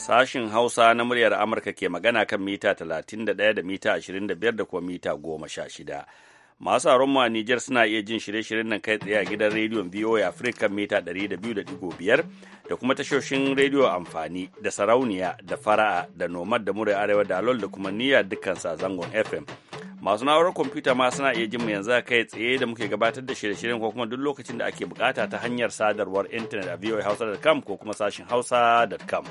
Sashin Hausa na muryar Amurka ke magana kan mita 31 da mita 25 da kuma mita 16. Masu shida. Masu a Nijar suna iya jin shirye-shiryen nan kai tsaye a gidan rediyon VOA Africa mita 200.5 da kuma tashoshin rediyo amfani da sarauniya da fara'a da nomad da murai arewa da lol da kuma niyya dukkan sa zangon FM. Masu na'urar kwamfuta ma suna iya jin mu yanzu kai tsaye da muke gabatar da shirye-shiryen ko kuma duk lokacin da ake bukata ta hanyar sadarwar intanet a voahausa.com ko kuma sashin hausa.com.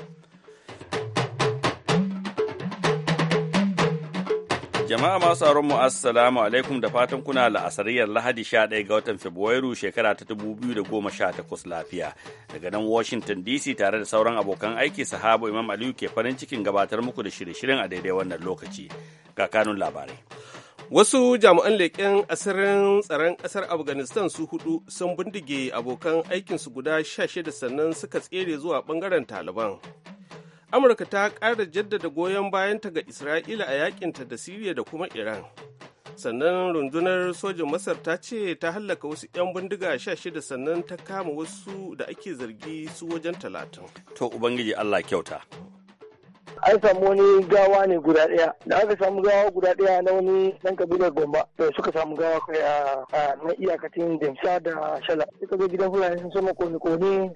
Jama'a masu tsaron mu assalamu alaikum da fatan kuna la'asariyar Lahadi 11 ga watan Fabrairu shekara ta 2018 lafiya. Daga nan Washington DC tare da sauran abokan aiki sahabo Imam Aliyu ke farin cikin gabatar muku da shirye-shiryen a daidai wannan lokaci. Ga kanun labarai. Wasu jami'an leƙen asirin tsaron ƙasar Afghanistan su hudu sun bindige abokan aikinsu guda 16 sannan suka tsere zuwa ɓangaren Taliban. amurka ta ƙara jaddada goyon bayanta ga isra'ila a yakinta da siriya da kuma iran sannan rundunar sojin masar ta ce ta hallaka wasu 'yan bindiga shida sannan ta kama wasu da ake zargi su wajen talatin to ubangiji allah kyauta an samu wani gawa ne guda ɗaya da aka samu gawa guda ɗaya na wani ɗan kabilar gomba da suka samu gawa kai a na iyakacin demsa da shala suka zo gidan fulani sun sama kone-kone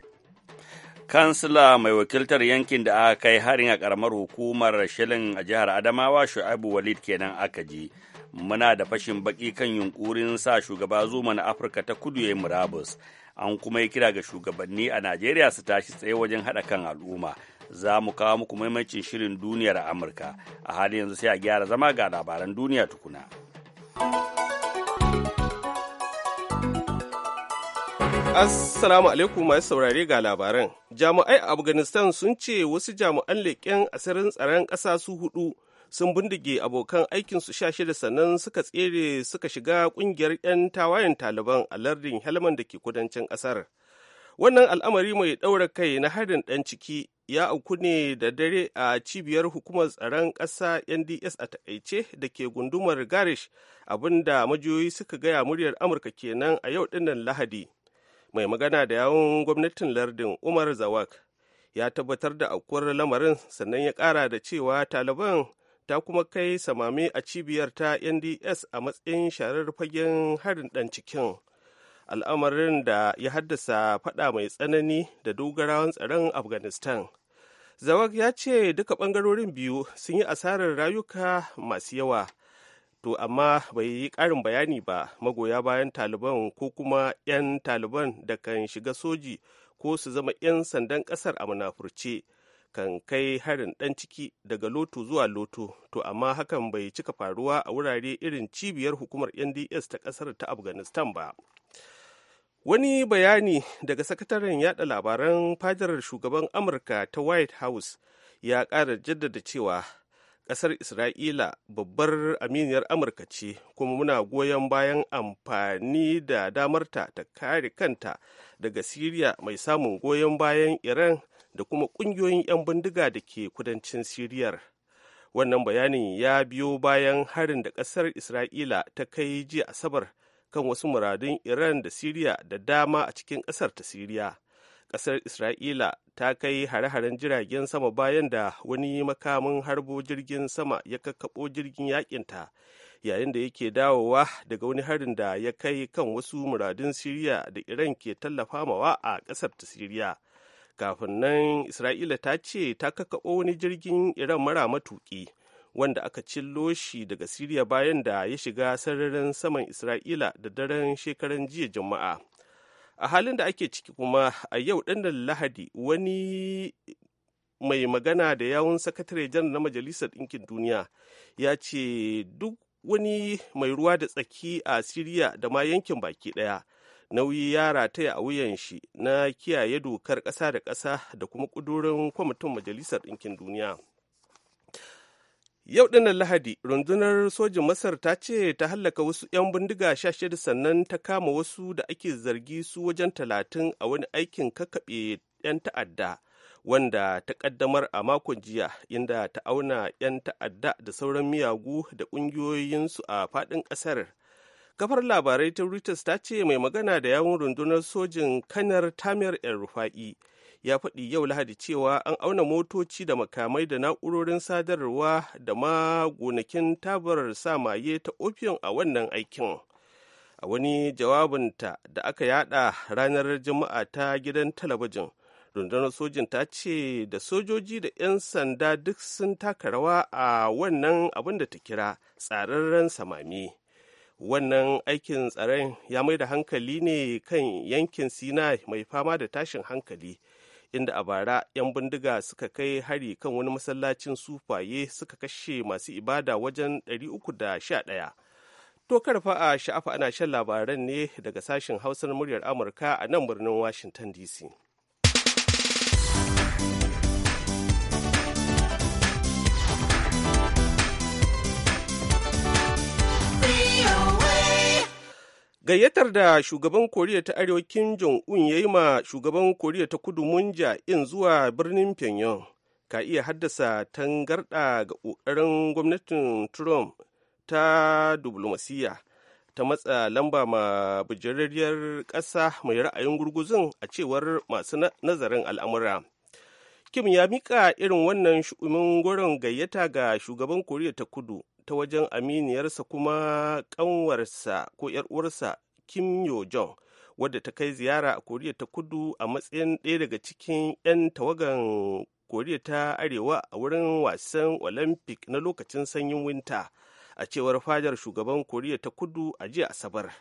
kansila mai wakiltar yankin da aka kai harin a karamar hukumar shilin a jihar adamawa shu'abu walid kenan aka ji muna da fashin baki kan yunkurin sa shugaba zuma na afirka ta kudu ya yi murabus an kuma yi kira ga shugabanni a najeriya su tashi tsaye wajen haɗa kan al'umma za mu kawo muku maimacin shirin duniyar amurka a halin yanzu sai a gyara zama ga labaran duniya tukuna assalamu alaikum masu saurare ga labaran jami'ai a afghanistan sun ce wasu jami'an leƙen asirin tsaron ƙasa su hudu sun bindige abokan aikinsu sha shida sannan suka tsere suka shiga ƙungiyar 'yan tawayen taliban a lardin Helmand da ke kudancin ƙasar wannan al'amari mai ɗaura kai na harin ɗan ciki ya auku ne da dare a cibiyar hukumar tsaron ƙasa nds a takaice da ke gundumar garish abinda majiyoyi suka gaya muryar amurka kenan a yau ɗinnan lahadi mai magana da yawon gwamnatin lardin umar zawak ya tabbatar da aukuwar lamarin sannan ya kara da cewa taliban ta kuma kai samami a cibiyar ta nds a matsayin sharar fagen harin dan cikin al'amarin da ya haddasa fada mai tsanani da dogarawan tsaron afghanistan zawak ya ce duka bangarorin biyu sun yi asarar rayuka masu yawa to amma bai yi ƙarin bayani ba magoya bayan taliban ko kuma 'yan taliban da kan shiga soji ko su zama 'yan sandan ƙasar a munafurce kan kai harin ɗan ciki daga loto zuwa loto to amma hakan bai cika faruwa a wurare irin cibiyar hukumar nds ta ƙasar ta afghanistan ba wani bayani daga sakataren yada labaran fadarar shugaban amurka ta white house ya ƙara jaddada cewa ƙasar isra'ila babbar aminiyar amurka ce kuma muna goyon bayan amfani da damarta ta kare kanta daga siriya mai samun goyon bayan iran da kuma ƙungiyoyin 'yan bindiga da ke kudancin siriyar wannan bayanin ya biyo bayan harin da ƙasar isra'ila ta kai jiya asabar kan wasu muradun iran da siriya da dama a cikin ƙasar ta siriya ƙasar isra'ila ta kai hare-haren jiragen sama bayan da wani makamin harbo jirgin sama ya kakkaɓo jirgin yakinta yayin da yake dawowa daga wani harin da ya kai kan wasu muradun siriya da iran ke tallafa mawa a ƙasar ta siriya kafin nan isra'ila ta ce ta kakkaɓo wani jirgin iran mara matuƙi wanda aka cillo shi daga siriya bayan da ya shiga sararin saman isra'ila da daren shekaran jiya juma'a a halin da ake ciki kuma a yau dinnan lahadi wani mai magana da yawun sakatare janar na majalisar ɗinkin duniya ya ce duk wani mai ruwa da tsaki a siriya da ma yankin baki ɗaya nauyi ya rataya a wuyan shi na kiyaye dokar ƙasa da ƙasa da kuma ƙudurin kwamitin majalisar ɗinkin duniya Yau ɗin Lahadi, rundunar sojin Masar ta ce ta hallaka wasu 'yan bindiga sha shida sannan ta kama wasu da ake zargi su wajen talatin a wani aikin kakaɓe 'yan ta'adda wanda ta ƙaddamar a makon jiya inda ta auna 'yan ta'adda da sauran miyagu da ƙungiyoyinsu a faɗin ƙasar. Kafar labarai ta Reuters ta ce mai magana da yawun rundunar sojin kanar Tamir El Rufa'i ya faɗi yau lahadi cewa an auna motoci da makamai da na'urorin sadarwa da ma gonakin tabar samaye ta opium a wannan aikin a wani jawabinta da aka yada ranar juma'a ta gidan talabijin rundunar sojin ta ce da sojoji da 'yan sanda duk sun taka rawa a wannan abin da ta kira tsararren samami wannan aikin tsaron ya mai da hankali ne kan yankin sinai mai fama da tashin hankali inda a bara 'yan bindiga suka kai hari kan wani masallacin sufaye suka kashe masu ibada wajen 311 to karfa a sha'afa ana shan labaran ne daga sashen hausar muryar amurka a nan birnin washington dc gayyatar da shugaban koriya ta arewa kim jong-un ya yi ma shugaban koriya ta kudu munja in zuwa birnin pyongyang ka iya haddasa tangarɗa ga ƙoƙarin gwamnatin trump ta diplomasiya ta matsa lamba ma bujararriyar ƙasa mai ra'ayin gurguzun a cewar masu nazarin al'amura kim ya mika irin wannan shu'umin gayyata ga shugaban koriya ta kudu ta wajen aminiyarsa kuma kanwarsa ko uwarsa kim yo jong wadda ta kai ziyara a koriya ta kudu a matsayin ɗaya daga cikin 'yan tawagan koriya ta arewa a wurin wasan olympic na lokacin sanyin winta a cewar fadar shugaban koriya ta kudu a jiya asabar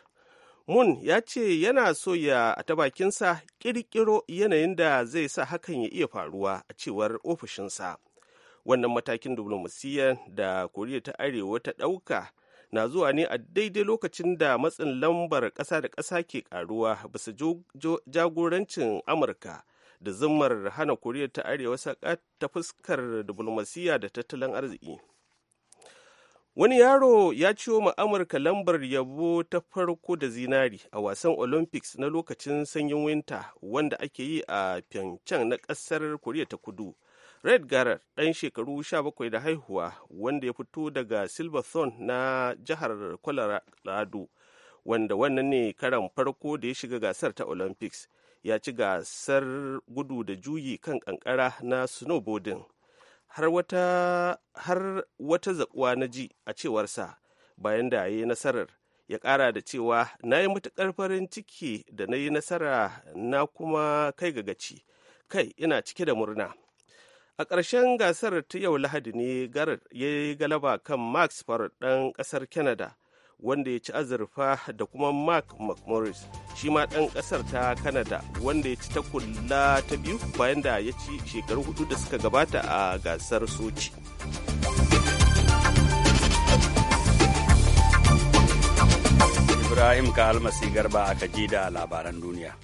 mun ya ce yana so ya a ta bakinsa ƙirƙiro yanayin da zai sa hakan ya iya faruwa a cewar ofishinsa wannan matakin diflomasiyyar da koriya ta arewa ta ɗauka na zuwa ne a daidai lokacin da matsin lambar ƙasa da ƙasa ke ƙaruwa bisa jagorancin amurka da zimmar hana koriya ta arewa saƙa ta fuskar diflomasiyya da tattalin arziki wani yaro ya ciwo ma amurka lambar yabo ta farko da zinari a wasan olympics na lokacin sanyin winter wanda ake yi a pyeongchang na ƙasar koriya ta kudu Red Garrett ɗan shekaru 17 da haihuwa wanda ya fito daga Silverthorne na jihar Colorado wanda wannan ne karan farko da ya shiga gasar ta Olympics ya ci gasar gudu da juyi kan kankara na snowboarding har wata har wata zakuwa na ji a cewarsa bayan da ya yi nasarar ya ƙara da cewa na yi matuƙar farin ciki da na yi nasara na kuma kai ga gaci kai ina cike da murna a ƙarshen gasar ta yau lahadi ne garar ya yi galaba kan max farad ɗan ƙasar canada wanda ya ci azurfa da kuma mark mcmorris shi ma ɗan ƙasar ta canada wanda ya ci ta kula ta biyu bayan da ya ci shekaru hudu da suka gabata a gasar sochi ibrahim ka almasi garba aka ji da labaran duniya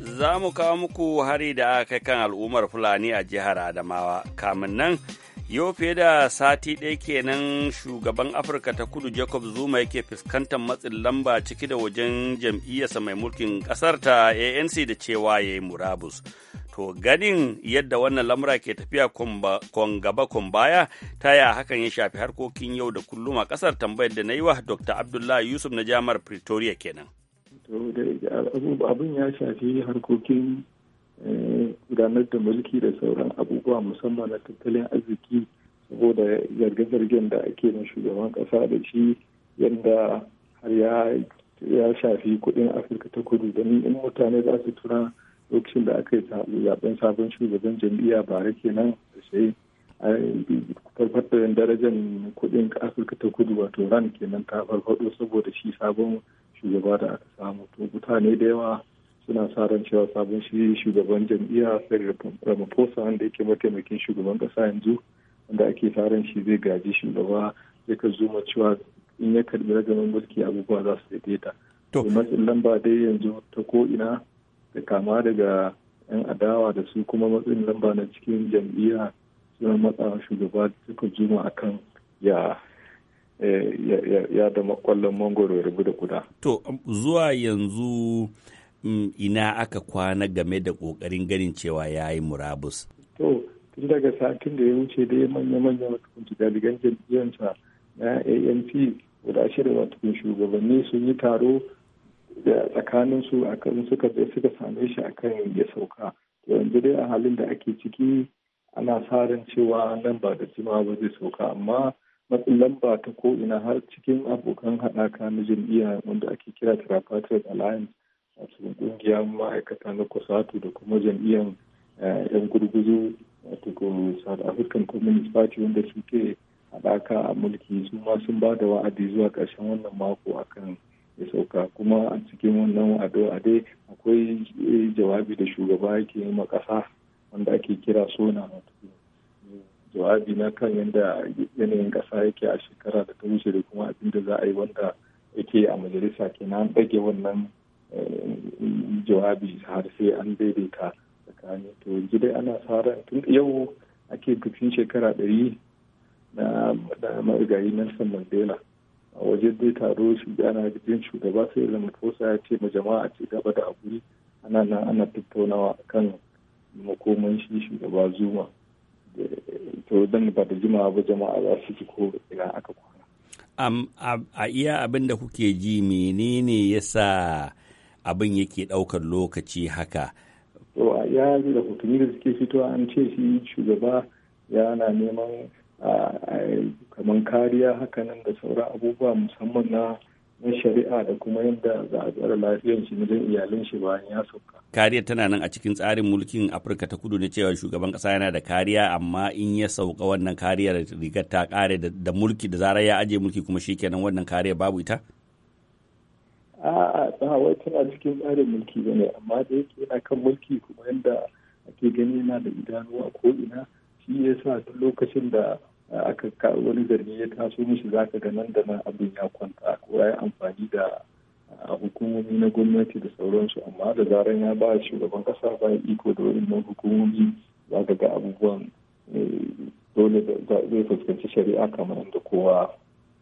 za mu kawo muku hari da aka kai kan al'ummar fulani a jihar adamawa kamin nan yau fiye da sati ɗaya kenan shugaban afirka ta kudu jacob zuma yake fuskantar matsin lamba ciki da wajen jam'iyyarsa mai mulkin ƙasar ta anc da cewa ya yi murabus to ganin yadda wannan lamura ke tafiya kon gaba kon baya ta ya hakan ya shafi harkokin yau da kullum a kasar tambayar da na yi wa dr abdullahi yusuf na jamar pretoria kenan abin ya shafi harkokin eh, gudanar da mulki da sauran abubuwa musamman na tattalin arziki saboda zarge-zargen da ake na shugaban kasa da shi yadda har ya shafi kudin afirka ta kudu domin in mutane za su tura lokacin da aka yi zaben sabon shugaban jam'iyya bara kenan da sai farfadar darajar kuɗin afirka ta kudu wato ran kenan ta farfaɗo saboda shi sabon shugaba da aka samu to mutane da yawa suna sa ran cewa sabon shi shugaban jam'iyya sai ramaphosa wanda yake mataimakin shugaban ƙasa yanzu wanda ake sa ran shi zai gaji shugaba zai ka zuma cewa in ya karbi ragamin mulki abubuwa za su daidaita. To matsin lamba dai yanzu ta ko ina da kama daga 'yan adawa da su kuma matsin lamba na cikin jam'iyya suna matsa shugaba suka juma akan eh, ya ya da makwallon mangoro ya rubu da kuda. To zuwa yanzu mm, ina aka kwana game da ƙoƙarin ganin cewa ya yi murabus. To tun daga satin da ya wuce dai manya-manya matukunci daligan jam'iyyarsa na amp guda shirin matukun shugabanni sun yi taro da tsakanin su akan suka je suka same shi akan ya sauka to yanzu dai a halin da ake ciki ana sa ran cewa nan ba da jima ba zai sauka amma matsin lamba ta ko'ina har cikin abokan haɗaka na jam'iyya wanda ake kira tripartite alliance wato ƙungiyar ma'aikata na kusatu da kuma jam'iyyar yan eh, gurguzu wato south african communist party wanda suke haɗaka a mulki su ma sun ba da wa'adi zuwa ƙarshen wannan mako akan ya sauka kuma a cikin wannan addu'a dai akwai eh, jawabi da shugaba yake yi ma kasa wanda ake kira sona jawabi na kan yadda yanayin kasa yake a shekara da ta wuce da kuma abin da za a yi wanda yake a majalisa kenan ɗage wannan eh, jawabi har sai an daidaita tsakanin to yanzu dai ana sa tun yau ake bikin shekara ɗari na marigayi Nelson Mandela a wajen dai taro shi ana jin shugaba sai zama tosa ya ce ma jama'a ce gaba da abu ana nan ana tattaunawa kan makoman shi shugaba zuma to dan ba da jimawa ba jama'a za su ji ko ina aka kwana. a iya abin da kuke ji menene yasa abin yake ɗaukar lokaci haka. to a iya da hukumi da suke fitowa an ce shi shugaba yana neman kamar kariya hakanan da sauran abubuwa musamman na na shari'a da kuma yadda za a tsara lafiyar shi wajen iyalin shi bayan ya sauka. kariyar tana nan a cikin tsarin mulkin Afirka ta kudu na cewa shugaban kasa yana da kariya amma in ya sauka wannan kariyar rigar ta kare da mulki da zarar ya ajiye mulki kuma shikenan wannan kariyar babu ita? A'a, a wai tana cikin tsarin mulki ba ne amma da yake yana kan mulki kuma yadda ake gani yana da idanuwa ko ina shi ya sa duk lokacin da aka wani gari ya taso mishi za ka ga nan da nan abin ya kwanta ko ya yi amfani da hukumomi na gwamnati da sauransu amma da zaran ya ba shugaban kasa ba iko da na hukumomi za ka ga abubuwan eh, dole zai fuskanci shari'a kamar da kowa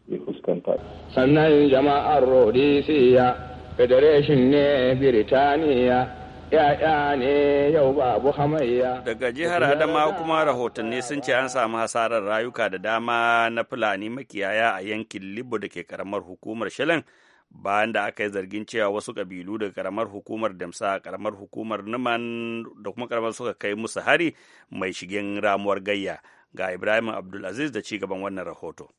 ya fuskanta. sannan jama'ar rodisiya federation ne biritaniya ya'ya ne yau babu hamayya. Daga jihar Adama kuma rahotanni sun ce an samu hasarar rayuka da dama na Fulani makiyaya a yankin Libo da ke karamar hukumar shilin bayan da aka yi zargin cewa wasu kabilu daga karamar hukumar Damsa karamar hukumar Numan da kuma karamar suka kai musu hari mai shigen ramuwar gayya ga Ibrahim Abdulaziz da ci gaban wannan rahoto.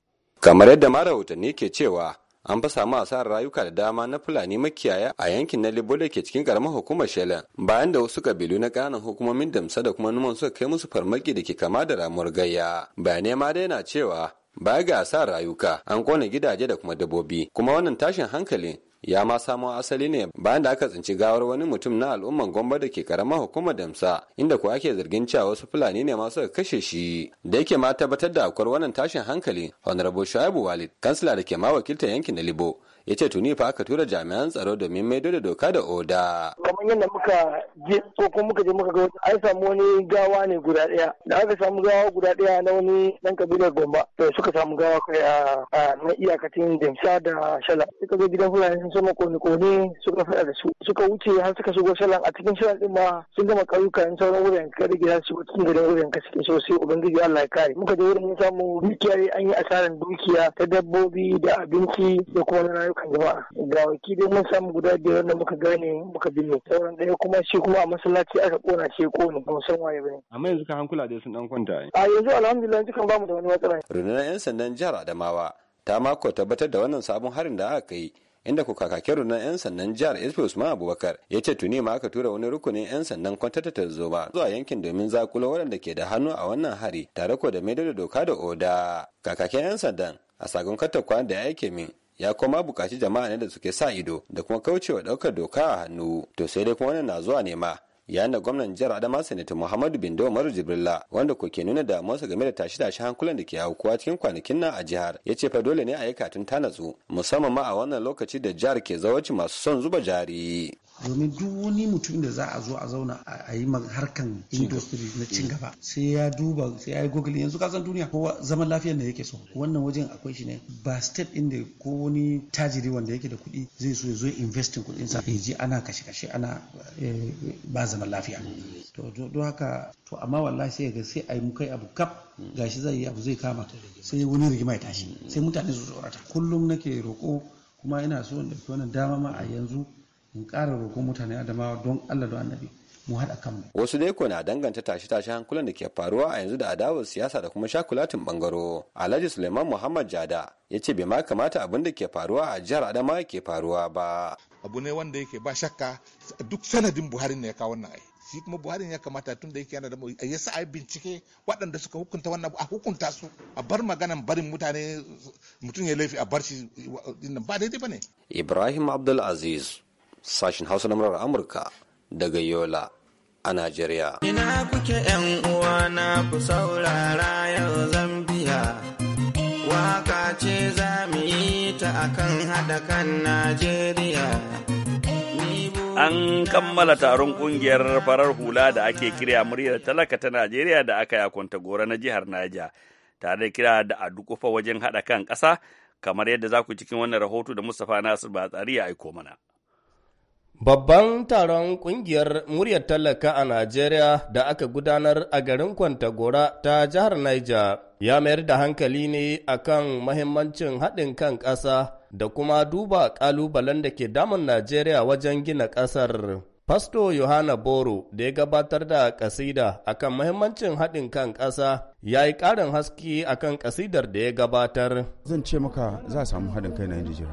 Kamar yadda ma rahotanni ke cewa an ba samu asarar rayuka da dama na fulani makiyaya a yankin na libo da ke cikin karamar hukumar shela bayan da wasu kabilu na ƙananan hukumomin damsa da kuma numan suka kai musu farmaki da ke kama da ramuwar gayya bayanai ma dai na cewa baya ga asarar rayuka an kona gidaje da kuma dabbobi kuma wannan tashin hankalin. ya ma samo asali ne bayan da aka tsinci gawar wani mutum na al'umman gomba da ke karamar hukumar damsa inda kuwa ake zargin cewa wasu fulani ne masu kashe shi da yake ma tabbatar da akwai wannan tashin hankali honorable shaibu walid kansila da ke ma wakiltar yankin na libo ya ce tuni fa aka tura jami'an tsaro domin maido da doka da oda. kamar yadda muka je ko kuma muka je muka ga an samu wani gawa ne guda ɗaya da aka samu gawa guda ɗaya na wani ɗan kabilar gomba to suka samu gawa kai a na iyakacin jamsa da shala suka zo gidan fulani sun sama kone-kone suka faɗa da su suka wuce har suka shigo shalan a cikin shalan ɗin ma sun gama ƙauyuka in sauran wurin ka da gida su cikin gidan wurin ka suke so sai ubangiji Allah ya kare muka je wurin mun samu dukiya an yi asarar dukiya ta dabbobi da abinci da kuma na rayuka kan jama'a ga mun samu guda biyar wanda muka gane muka binne sauran ɗaya kuma shi kuma a masallaci aka kona shi kone ba san waye bane amma yanzu ka hankula da sun dan kwanta a yanzu alhamdulillah dukan bamu da wani matsala rundunar yan sandan jihar Adamawa ta mako tabbatar da wannan sabon harin da aka yi, inda ku kakakin rundunar 'yan sandan jihar SP Usman Abubakar ya ce tuni ma aka tura wani rukunin 'yan sandan kwantata ta zoba zuwa yankin domin zakulo waɗanda ke da hannu a wannan hari tare ko da maido da doka da oda. Kakakin 'yan sandan a sagon katakwa da ya aike min ya kuma bukaci jama'a ne da suke sa ido da kuma kaucewa ɗaukar doka a hannu to sai dai kuma wannan na zuwa nema. ma da gwamnan jihar adama sanata muhammadu bindo umaru jibrilla wanda ko ke nuna damuwarsa game da tashi tashi hankulan da ke aukuwa cikin kwanakin nan a jihar ya ce fa dole ne a yi katun ta musamman ma a wannan lokaci da jihar ke zawarci masu son zuba jari domin duk wani mutum da za a zo a zauna a yi harkan industry na cin gaba sai ya duba sai ya yi google yanzu ka san duniya kowa zaman lafiyar da yake so wannan wajen akwai shi ne ba state inda ko wani tajiri wanda yake da kuɗi zai so ya zo investing kuɗin sa ya ji ana kashe kashe ana eh, ba zaman lafiya to don haka to amma wallahi sai ga sai a mu kai abu kap gashi zai yi abu zai kama sai wani rigima ya tashi sai mutane su tsorata kullum nake roko kuma ina so in ɗauki wannan dama ma a yanzu mu ƙara roƙon mutane adamawa don allah da annabi mu haɗa kanmu. Wasu dai ko na danganta tashe-tashe hankulan da ke faruwa a yanzu da adawar siyasa da kuma shakulatin bangaro. Alhaji Suleiman Muhammad Jada ya ce bai ma kamata abin da ke faruwa a jihar Adama ke faruwa ba. Abu ne wanda yake ba shakka duk sanadin Buhari ne ya kawo wannan ai. Shi kuma Buhari ya kamata tun da yake yana da ya sa ai bincike waɗanda suka hukunta wannan a hukunta su a bar maganan barin mutane mutum ya laifi a bar shi ba daidai ba ne. Ibrahim Abdul Aziz Sashen hausa na murar amurka daga yola a najeriya ina kuke yan uwana ku saurara yau zambiya waka ce za mu yi ta akan haɗa kan najeriya An kammala taron kungiyar farar hula da ake kira muryar talaka ta Najeriya da aka yakunta gora na jihar Naija, tare da kira da a dukufa wajen haɗa kan ƙasa, kamar yadda za ku cikin wannan rahoto da Mustapha Nasir ba tsari ya aiko mana. Babban taron kungiyar muryar tallaka a Najeriya da aka gudanar a garin Kwantagora ta jihar Niger ya mayar da hankali ne akan mahimmancin haɗin kan ƙasa da kuma duba ƙalubalen da ke damun Najeriya wajen gina ƙasar. Fasto Yohana Boro da ya gabatar da kasida akan mahimmancin haɗin kan ƙasa ya yi ƙarin haske akan ƙasidar da ya gabatar. Zan ce maka za a samu haɗin kai na Nijeriya.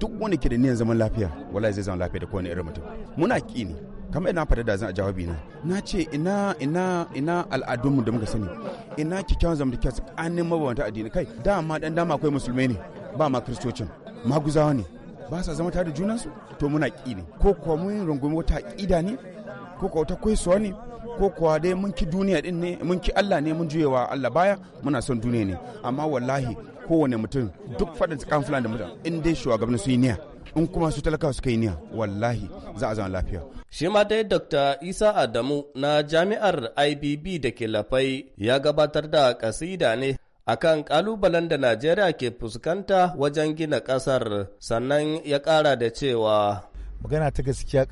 Duk wani ke da niyan zaman lafiya, wala zai zama lafiya da kowane irin mutum. Muna ƙi ne, kamar ina fada da zan a jawabi na na ce ina ina ina al'adunmu da muka sani ina kikkiawan zamantakewa tsakanin mabambanta addini kai dama ɗan dama akwai musulmai ne ba ma kiristocin maguzawa ne ba sa zama tare da junansu to muna ƙi ne ko kuwa mun rungumi wata ƙida ne ko kuwa wata kwaisuwa ne ko kuwa dai mun ki duniya din ne mun ki Allah ne mun juyewa Allah baya muna son duniya ne amma wallahi kowane mutum duk faɗin tsakan fulani da mutum in dai shugabanni su yi niyya in kuma su talakawa suka yi niyya wallahi za a zama lafiya. Shi ma dai Dr. Isa Adamu na jami'ar IBB da ke lafai ya gabatar da kasida ne akan kalubalen da Najeriya ke fuskanta wajen gina ƙasar sannan ya kara da cewa magana ta gaskiya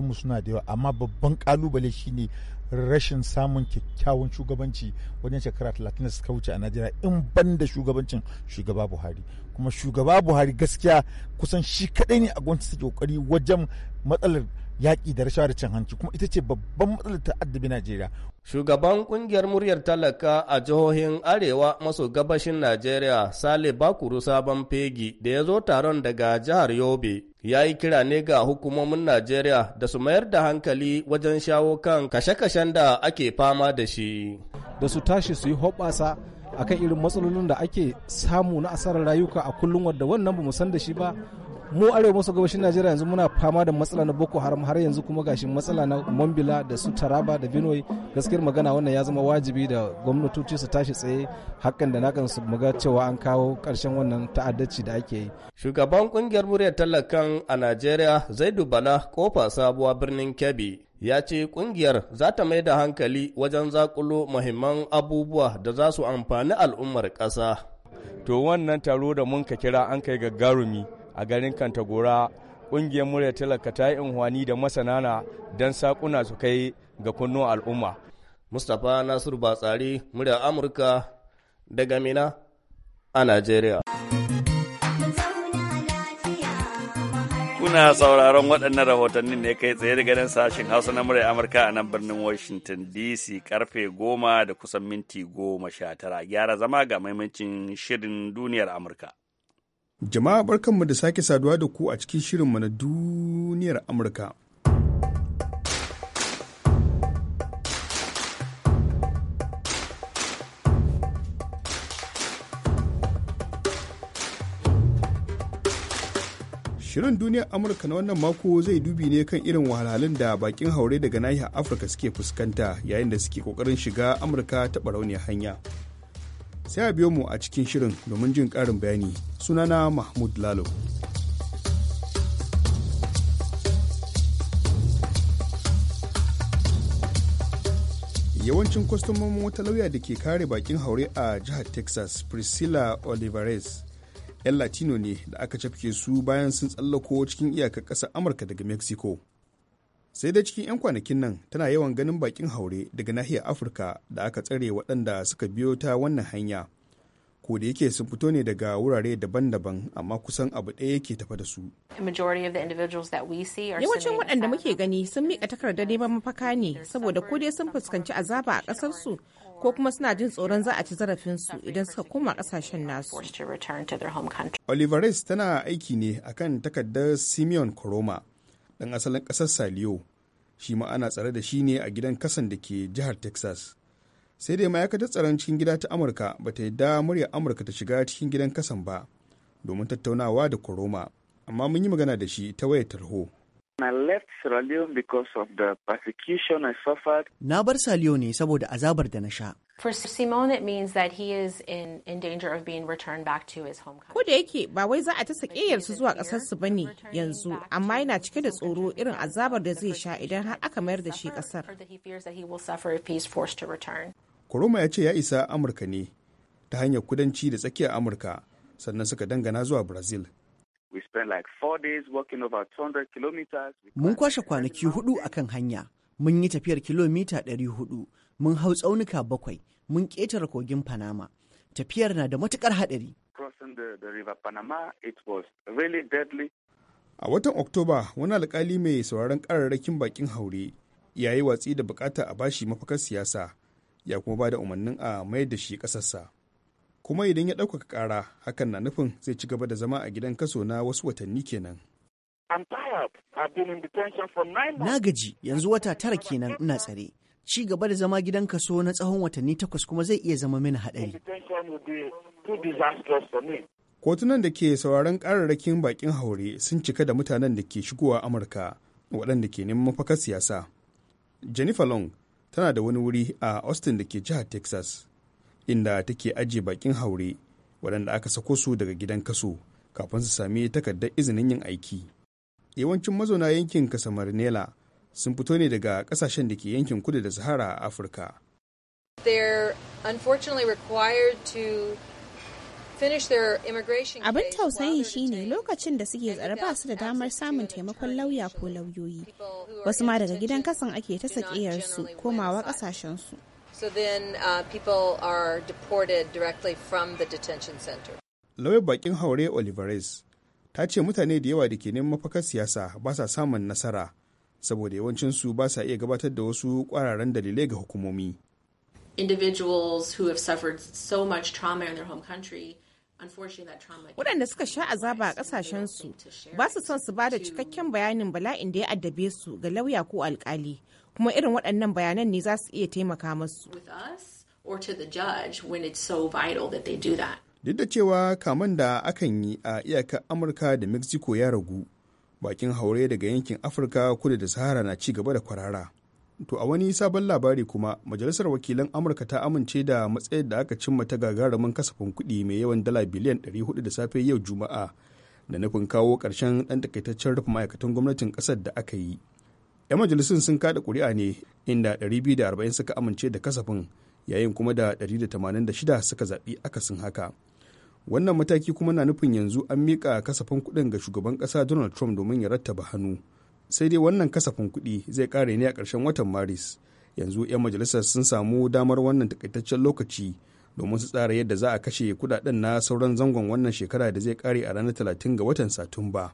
mu suna da yawa amma babban ƙalubale shine rashin samun kyakkyawan shugabanci wajen shekara talatin da suka wuce a najeriya in ban da shugabancin shugaba buhari kuma shugaba buhari gaskiya kusan shi kadai ne a gwamnati take kokari wajen matsalar yaƙi da rashawa da cin hanci kuma ita ce babban matsalar ta addabi najeriya Shugaban kungiyar muryar talaka a jihohin Arewa maso gabashin Najeriya Sale Bakuru Sabon Fegi da ya zo taron daga jihar Yobe ya yi kira ne ga hukumomin Najeriya da su mayar da hankali wajen shawo kan kashe-kashen da ake fama da shi. Da su tashi su yi hoɓasa akan irin matsalolin da ake samu na asarar rayuka a kullum wadda wannan ba mu san da shi ba mu arewa maso gabashin najeriya yanzu muna fama da matsala na boko haram har yanzu kuma gashi matsala na mambila da su taraba da benue gaskiyar magana wannan ya zama wajibi da gwamnatoci su tashi tsaye hakan da nakan su muga cewa an kawo karshen wannan ta'addaci da ake yi shugaban kungiyar muryar talakan a najeriya zaidu bala kofa sabuwa birnin kebbi ya ce kungiyar za ta mai da hankali wajen zakulo muhimman abubuwa da za su amfani al'ummar ƙasa. to wannan taro da mun ka kira an kai gagarumi a garin Kantagora ƙungiyar murya talaka ta yi unhwani da masana na don sakuna su kai ga kunnuwan al'umma. Mustapha Nasiru Batsari, murya Amurka daga Mina a Najeriya. Kuna sauraron waɗannan rahotannin ne kai tsaye daga nan sashen Hausa na murya Amurka a nan birnin Washington DC karfe goma da kusan minti goma sha tara. Gyara zama ga maimacin shirin duniyar Amurka. Jama'a barkanmu da sake saduwa da ku a cikin shirinmu na duniyar Amurka. Shirin duniyar Amurka na wannan mako zai dubi ne kan irin wahalhalun da bakin haure daga nahiyar Afirka suke fuskanta yayin da suke kokarin shiga Amurka ta barauniyar hanya. sai a biyo mu a cikin shirin domin jin ƙarin bayani sunana mahmud lalo yawancin kwastomin wata lauya da ke kare bakin haure a jihar texas priscilla olivares 'yan latino ne da aka cafke su bayan sun tsallako cikin iyakar ƙasar amurka daga mexico sai dai cikin 'yan kwanakin nan tana yawan ganin bakin haure daga nahiyar afirka da aka tsare waɗanda suka biyo ta wannan hanya ko da yake sun fito ne daga wurare daban-daban amma kusan abu ɗaya yake tafa da su. Yawancin waɗanda muke gani sun miƙa takardar neman mafaka ne saboda ko dai sun fuskanci azaba a su ko kuma suna jin tsoron za a ci zarafinsu idan suka koma ƙasashen nasu. oliveres tana aiki ne akan takardar Simeon Koroma ɗan asalin ƙasar saliyo shi ma ana tsare da shi ne a gidan kasan da ke jihar texas sai dai ma'aikatar tsaron cikin gida ta amurka ba ta yadda ya amurka ta shiga cikin gidan kasan ba domin tattaunawa da koroma amma mun yi magana da shi ta wayar tarho I Na bar saliyo ne saboda azabar da na sha. For Simone, it means that he is in, in danger of being returned back to his home country. Ko da yake ba wai za a ta sakeyarsu zuwa ƙasarsu ba ne yanzu, amma yana cike da tsoro irin azabar da zai sha idan har aka mayar da shi kasar. Koroma ya ce ya isa Amurka ne ta hanyar kudanci da tsakiyar Amurka sannan suka dangana zuwa Brazil. Mun kwashe kwanaki hudu akan hanya, mun yi tafiyar kilomita 400. mun hau tsaunuka bakwai mun ƙetare kogin panama tafiyar na da matuƙar haɗari a watan oktoba wani alkali mai sauraron ƙararrakin bakin haure ya yi watsi da bukata a bashi mafakar siyasa ya kuma ba da umarnin a mayar da shi ƙasarsa kuma idan ya ɗaukaka ƙara hakan na nufin zai ci gaba da zama a gidan kaso na wasu watanni kenan Na gaji yanzu wata tara kenan ina tsare. ci gaba da zama gidan kaso na tsawon watanni takwas kuma zai iya zama mini haɗari. Kotunan da ke sauraron ƙararrakin baƙin haure sun cika da mutanen da ke shigowa Amurka waɗanda ke neman mafakar siyasa. Jennifer Long tana da wani wuri a Austin da ke jihar Texas, inda take ajiye baƙin haure waɗanda aka sako su daga gidan kaso kafin su sami takardar izinin yin aiki. Yawancin mazauna yankin Nela sun fito ne daga kasashen da ke yankin kudu da zahara a afirka Abin tausayin shine lokacin da suke tsare ba su da damar samun taimakon lauya ko lauyoyi. Wasu ma daga gidan kasan ake ta su komawa ƙasashensu. su. then uh, bakin haure Olivares ta ce mutane da yawa da ke neman mafakar siyasa ba sa samun nasara saboda yawancinsu ba sa iya gabatar da wasu kwararan dalilai ga hukumomi. Individuals who have suffered so much trauma in their Waɗanda suka sha azaba a ƙasashensu ba su son su ba da cikakken bayanin bala'in da ya addabe su ga lauya ko alkali kuma irin waɗannan bayanan ne za su iya taimaka masu. Duk da cewa kaman da akan yi a iyakar Amurka da Mexico ya ragu, bakin haure daga yankin afirka kudu da sahara na ci gaba da kwarara to a wani sabon labari kuma majalisar wakilan amurka ta amince da matsayar da aka cimma ta gagarumin kasafin kuɗi mai yawan dala biliyan 400 da safe yau juma'a da nufin kawo ƙarshen ɗan takaitaccen rufe ma'aikatan gwamnatin ƙasar da aka yi 'yan majalisun sun kaɗa ƙuri'a ne inda 240 suka amince da kasafin yayin kuma da 186 suka zaɓi akasin haka wannan mataki kuma na nufin yanzu an miƙa kasafin kuɗin ga shugaban ƙasa donald trump domin ya rattaba hannu sai dai wannan kasafin kuɗi zai ƙare ne a ƙarshen watan maris yanzu 'yan majalisar sun samu damar wannan takaitaccen lokaci domin su tsara yadda za a kashe kuɗaɗen na sauran zangon wannan shekara da zai ƙare a ranar talatin ga watan satumba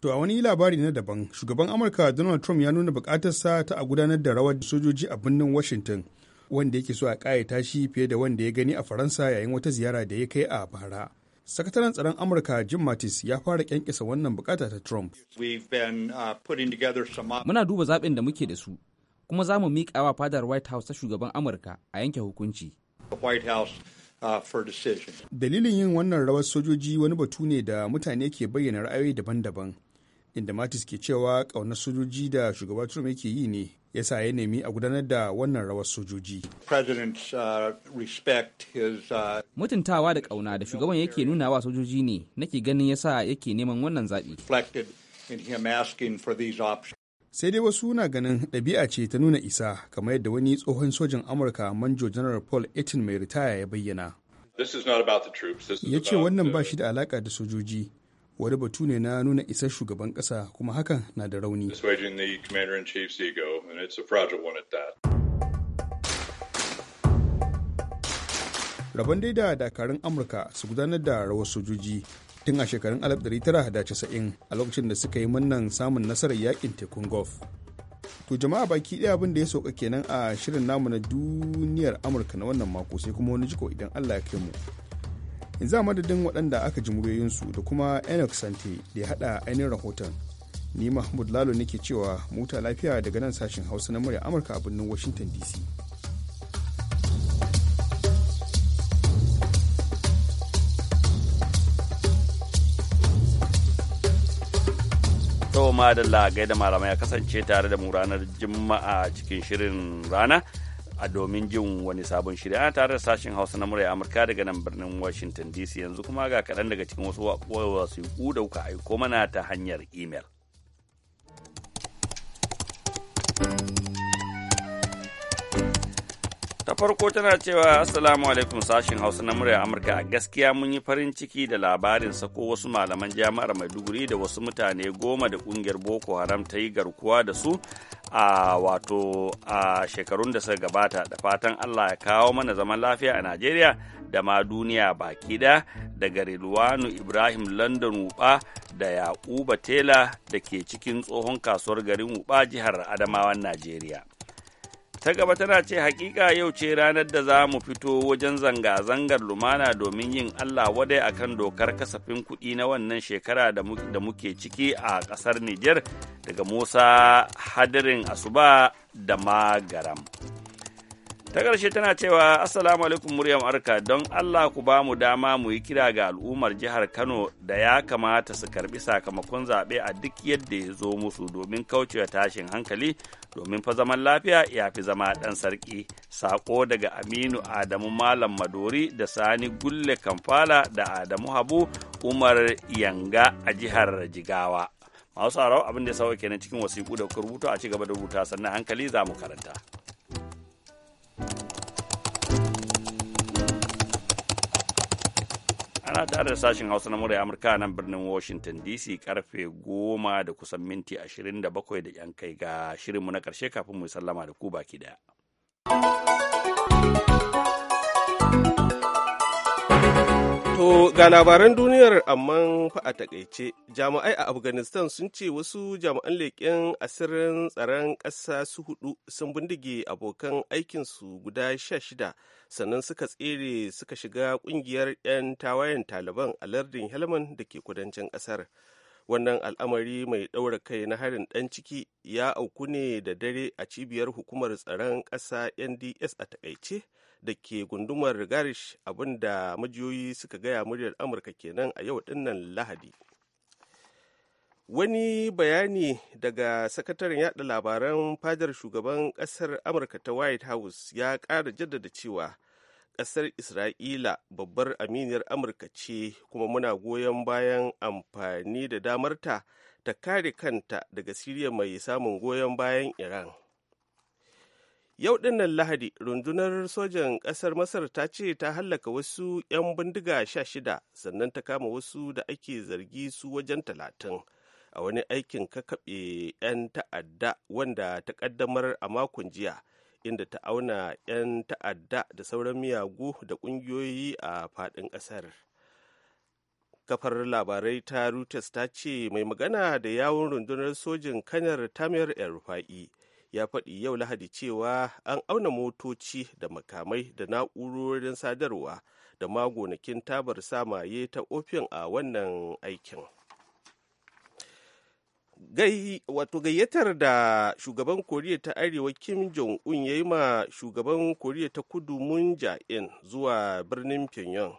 to a wani labari na daban shugaban amurka donald trump ya nuna buƙatarsa ta a gudanar da rawar sojoji a birnin washington wanda yake so a ƙayata shi fiye da wanda ya gani a faransa yayin wata ziyara da ya kai a bara sakataren tsaron amurka jim mattis ya fara kyankisa wannan bukata ta trump uh, muna duba zaɓin da muke da su kuma za mu miƙa wa fadar white house ta shugaban amurka a yanke hukunci uh, dalilin yin wannan rawar sojoji wani batu ne da mutane ke bayyana ra'ayoyi daban-daban inda matis ke cewa ƙaunar sojoji da shugaba trump yake yi ne ya sa ya nemi a gudanar da wannan rawar sojoji. Uh, uh, Mutuntawa da ƙauna da shugaban yake nuna wa sojoji ne nake ganin ya sa yake neman wannan zaɓi. Sai dai wasu na ganin ɗabi'a ce ta nuna isa kamar yadda wani tsohon sojin Amurka Manjo General Paul Etin mai ritaya ya bayyana. Ya ce wannan ba shi da alaƙa da sojoji, wani batu ne na nuna isar shugaban kasa kuma hakan na da rauni. Rabon dai da dakarun Amurka su gudanar da rawar sojoji tun a shekarun 1990 a lokacin da suka yi mannan samun nasarar yakin tekun Gulf. To jama'a baki ɗaya abin da ya sauka kenan a shirin namu na duniyar Amurka na wannan mako sai kuma wani jiko idan Allah ya kai mu. in za madadin waɗanda aka ji muryoyinsu da kuma enoch sante da ya haɗa ainihin rahoton ni mahmud lalo nake cewa muta lafiya daga nan sashen hausa na murya amurka a birnin washington dc to madalla gaida malamai ya kasance tare da mu ranar juma'a cikin shirin rana a domin jin wani sabon shirya ana tare da sashen hausa na murya amurka daga nan birnin washington dc yanzu kuma ga kaɗan daga cikin wasu yi da wuka aiko mana ta hanyar imel. ta farko tana cewa assalamu alaikum sashin hausa na murya amurka a gaskiya mun yi farin ciki da labarin sako wasu malaman jami'ar maiduguri da wasu mutane goma da kungiyar boko haram ta yi garkuwa da su a wato a shekarun da suka gabata da fatan allah ya kawo mana zaman lafiya a najeriya da ma duniya baki da daga Rilwanu Ibrahim London Wuba da Yakuba Tela da ke cikin tsohon kasuwar garin Wuba jihar Adamawan Najeriya. ta gaba tana ce hakika yau ce ranar da za mu fito wajen zanga-zangar lumana domin yin allah wadai akan dokar kasafin kuɗi na wannan shekara da muke ciki a ƙasar niger daga musa hadirin asuba da magaram ta ƙarshe tana cewa assalamu alaikum muryar arka don allah ku ba mu dama mu yi kira ga al'ummar jihar kano da ya kamata su karbi sakamakon zaɓe a duk yadda ya zo musu domin kaucewa tashin hankali domin fa zaman lafiya ya fi zama ɗan sarki saƙo daga aminu adamu malam madori da sani gulle kamfala da adamu habu umar yanga a jihar jigawa masu abin da ya sauke kenan cikin wasiƙu da rubuta a ci gaba da rubuta sannan hankali za mu karanta. kuna tare da sashin hausa na murya amurka nan birnin washington dc karfe goma da kusan minti ashirin da bakwai da yan kai ga shirinmu na karshe kafin mu sallama da ku baki daya To ga labaran duniyar amma fa a takaice jami'ai a afghanistan sun ce wasu jami'an leƙen asirin tsaron ƙasa su hudu sun bindige abokan aikinsu guda sha shida sannan suka tsere suka shiga kungiyar 'yan tawayen taliban a lardin helmand da ke kudancin kasar wannan al'amari mai ɗaura kai na harin ɗan ciki ya auku ne da dare a cibiyar hukumar tsaron ƙasa nds a takaice da ke gundumar garish abinda majiyoyi suka gaya muryar amurka kenan a yau ɗinnan lahadi wani bayani daga sakataren yada labaran fadar shugaban kasar amurka ta white house ya ƙara jaddada cewa ƙasar isra'ila babbar aminiyar amurka ce kuma muna goyon bayan amfani da damarta ta kare kanta daga siriya mai samun goyon bayan iran yau dinnan lahadi rundunar sojan ƙasar masar ta ce ta hallaka wasu 'yan bindiga sha shida sannan ta kama wasu da ake zargi su wajen talatin. a wani aikin kakaɓe 'yan ta'adda wanda ta ƙaddamar a makon jiya inda ta auna 'yan ta'adda da sauran miyagu da ƙungiyoyi a faɗin ƙasar. kafar labarai ta Reuters ta ce mai magana da yawon rundunar sojin kanar tamir rufa'i ya faɗi yau lahadi cewa an auna motoci da makamai da na'urorin sadarwa da magonakin tabar samaye ta ofin a wannan aikin. gai wato gayyatar da shugaban koriya ta arewa kim jong un ya yi ma shugaban koriya ta kudu mun in zuwa birnin pyongyang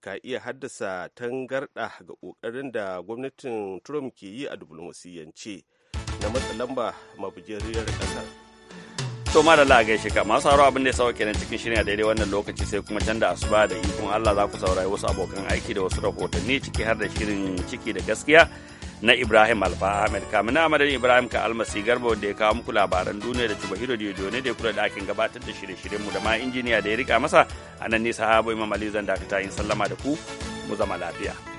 ka iya haddasa tangarɗa ga ƙoƙarin da gwamnatin trump ke yi a diflomasiyance na matsa lamba mabujeriyar ƙasar to ma da laga shi ka masu haro abin da ya sawa kenan cikin shirin a daidai wannan lokaci sai kuma can da asuba da ikon allah za ku saurari wasu abokan aiki da wasu rahotanni ciki har da shirin ciki da gaskiya na Ibrahim Alfa Ahmed kamina Madani Ibrahim ka almasi garba wanda ya kawo muku labaran duniya da tuba hiro da ne da kula da akin gabatar da shirye-shiryen mu da ma injiniya da ya rika masa anan ne sahabo Imam Ali zan dakata yin sallama da ku mu zama lafiya.